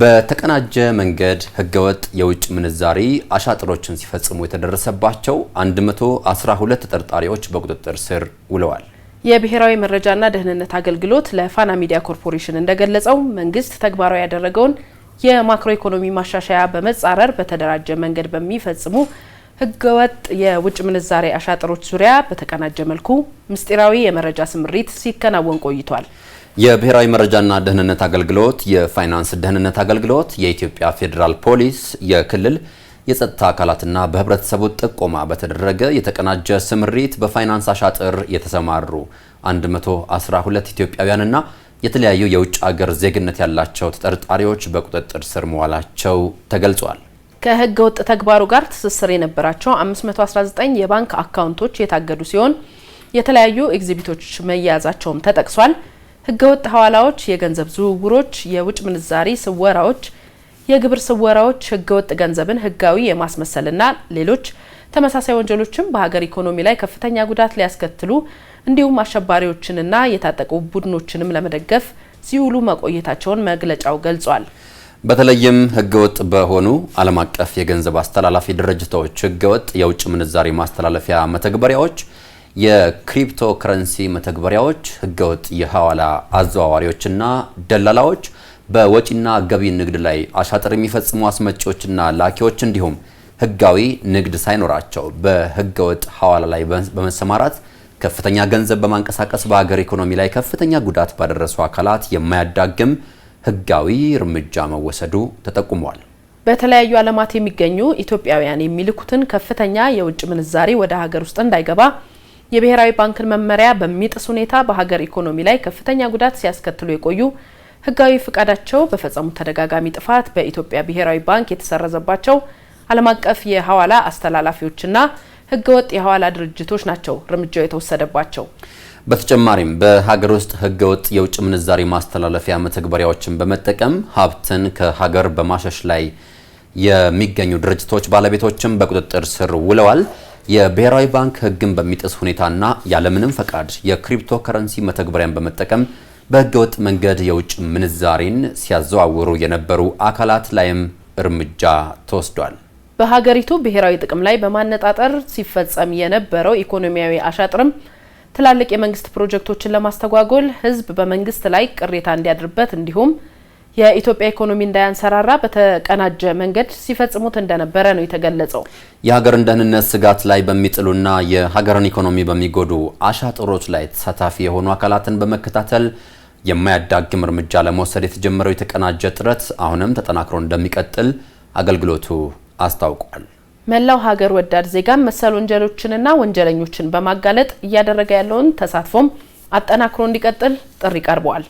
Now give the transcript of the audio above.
በተቀናጀ መንገድ ህገወጥ የውጭ ምንዛሪ አሻጥሮችን ሲፈጽሙ የተደረሰባቸው 112 ተጠርጣሪዎች በቁጥጥር ስር ውለዋል። የብሔራዊ መረጃና ደህንነት አገልግሎት ለፋና ሚዲያ ኮርፖሬሽን እንደገለጸው መንግስት ተግባራዊ ያደረገውን የማክሮ ኢኮኖሚ ማሻሻያ በመጻረር በተደራጀ መንገድ በሚፈጽሙ ህገወጥ የውጭ ምንዛሬ አሻጥሮች ዙሪያ በተቀናጀ መልኩ ምስጢራዊ የመረጃ ስምሪት ሲከናወን ቆይቷል። የብሔራዊ መረጃና ደህንነት አገልግሎት፣ የፋይናንስ ደህንነት አገልግሎት፣ የኢትዮጵያ ፌዴራል ፖሊስ፣ የክልል የጸጥታ አካላትና በህብረተሰቡ ጥቆማ በተደረገ የተቀናጀ ስምሪት በፋይናንስ አሻጥር የተሰማሩ 112 ኢትዮጵያውያንና የተለያዩ የውጭ አገር ዜግነት ያላቸው ተጠርጣሪዎች በቁጥጥር ስር መዋላቸው ተገልጿል። ከህገ ወጥ ተግባሩ ጋር ትስስር የነበራቸው 519 የባንክ አካውንቶች የታገዱ ሲሆን የተለያዩ ኤግዚቢቶች መያዛቸውም ተጠቅሷል። ህገወጥ ሐዋላዎች፣ የገንዘብ ዝውውሮች፣ የውጭ ምንዛሪ ስወራዎች፣ የግብር ስወራዎች፣ ህገወጥ ገንዘብን ህጋዊ የማስመሰልና ሌሎች ተመሳሳይ ወንጀሎችም በሀገር ኢኮኖሚ ላይ ከፍተኛ ጉዳት ሊያስከትሉ እንዲሁም አሸባሪዎችንና የታጠቁ ቡድኖችንም ለመደገፍ ሲውሉ መቆየታቸውን መግለጫው ገልጿል። በተለይም ህገወጥ በሆኑ ዓለም አቀፍ የገንዘብ አስተላላፊ ድርጅቶች፣ ህገወጥ የውጭ ምንዛሬ ማስተላለፊያ መተግበሪያዎች የክሪፕቶ ከረንሲ መተግበሪያዎች፣ ህገወጥ የሐዋላ አዘዋዋሪዎችና ደላላዎች፣ በወጪና ገቢ ንግድ ላይ አሻጥር የሚፈጽሙ አስመጪዎችና ላኪዎች እንዲሁም ህጋዊ ንግድ ሳይኖራቸው በህገወጥ ሐዋላ ላይ በመሰማራት ከፍተኛ ገንዘብ በማንቀሳቀስ በሀገር ኢኮኖሚ ላይ ከፍተኛ ጉዳት ባደረሱ አካላት የማያዳግም ህጋዊ እርምጃ መወሰዱ ተጠቁሟል። በተለያዩ ዓለማት የሚገኙ ኢትዮጵያውያን የሚልኩትን ከፍተኛ የውጭ ምንዛሬ ወደ ሀገር ውስጥ እንዳይገባ የብሔራዊ ባንክን መመሪያ በሚጥስ ሁኔታ በሀገር ኢኮኖሚ ላይ ከፍተኛ ጉዳት ሲያስከትሉ የቆዩ ህጋዊ ፍቃዳቸው በፈጸሙት ተደጋጋሚ ጥፋት በኢትዮጵያ ብሔራዊ ባንክ የተሰረዘባቸው ዓለም አቀፍ የሐዋላ አስተላላፊዎችና ህገወጥ የሐዋላ ድርጅቶች ናቸው እርምጃው የተወሰደባቸው። በተጨማሪም በሀገር ውስጥ ህገወጥ የውጭ ምንዛሬ ማስተላለፊያ መተግበሪያዎችን በመጠቀም ሀብትን ከሀገር በማሸሽ ላይ የሚገኙ ድርጅቶች ባለቤቶችም በቁጥጥር ስር ውለዋል። የብሔራዊ ባንክ ህግን በሚጥስ ሁኔታና ያለምንም ፈቃድ የክሪፕቶ ከረንሲ መተግበሪያን በመጠቀም በሕገወጥ መንገድ የውጭ ምንዛሬን ሲያዘዋውሩ የነበሩ አካላት ላይም እርምጃ ተወስዷል። በሀገሪቱ ብሔራዊ ጥቅም ላይ በማነጣጠር ሲፈጸም የነበረው ኢኮኖሚያዊ አሻጥርም ትላልቅ የመንግስት ፕሮጀክቶችን ለማስተጓጎል ህዝብ በመንግስት ላይ ቅሬታ እንዲያድርበት እንዲሁም የኢትዮጵያ ኢኮኖሚ እንዳያንሰራራ በተቀናጀ መንገድ ሲፈጽሙት እንደነበረ ነው የተገለጸው። የሀገርን ደህንነት ስጋት ላይ በሚጥሉና የሀገርን ኢኮኖሚ በሚጎዱ አሻጥሮች ላይ ተሳታፊ የሆኑ አካላትን በመከታተል የማያዳግም እርምጃ ለመውሰድ የተጀመረው የተቀናጀ ጥረት አሁንም ተጠናክሮ እንደሚቀጥል አገልግሎቱ አስታውቋል። መላው ሀገር ወዳድ ዜጋም መሰል ወንጀሎችንና ወንጀለኞችን በማጋለጥ እያደረገ ያለውን ተሳትፎም አጠናክሮ እንዲቀጥል ጥሪ ቀርበዋል።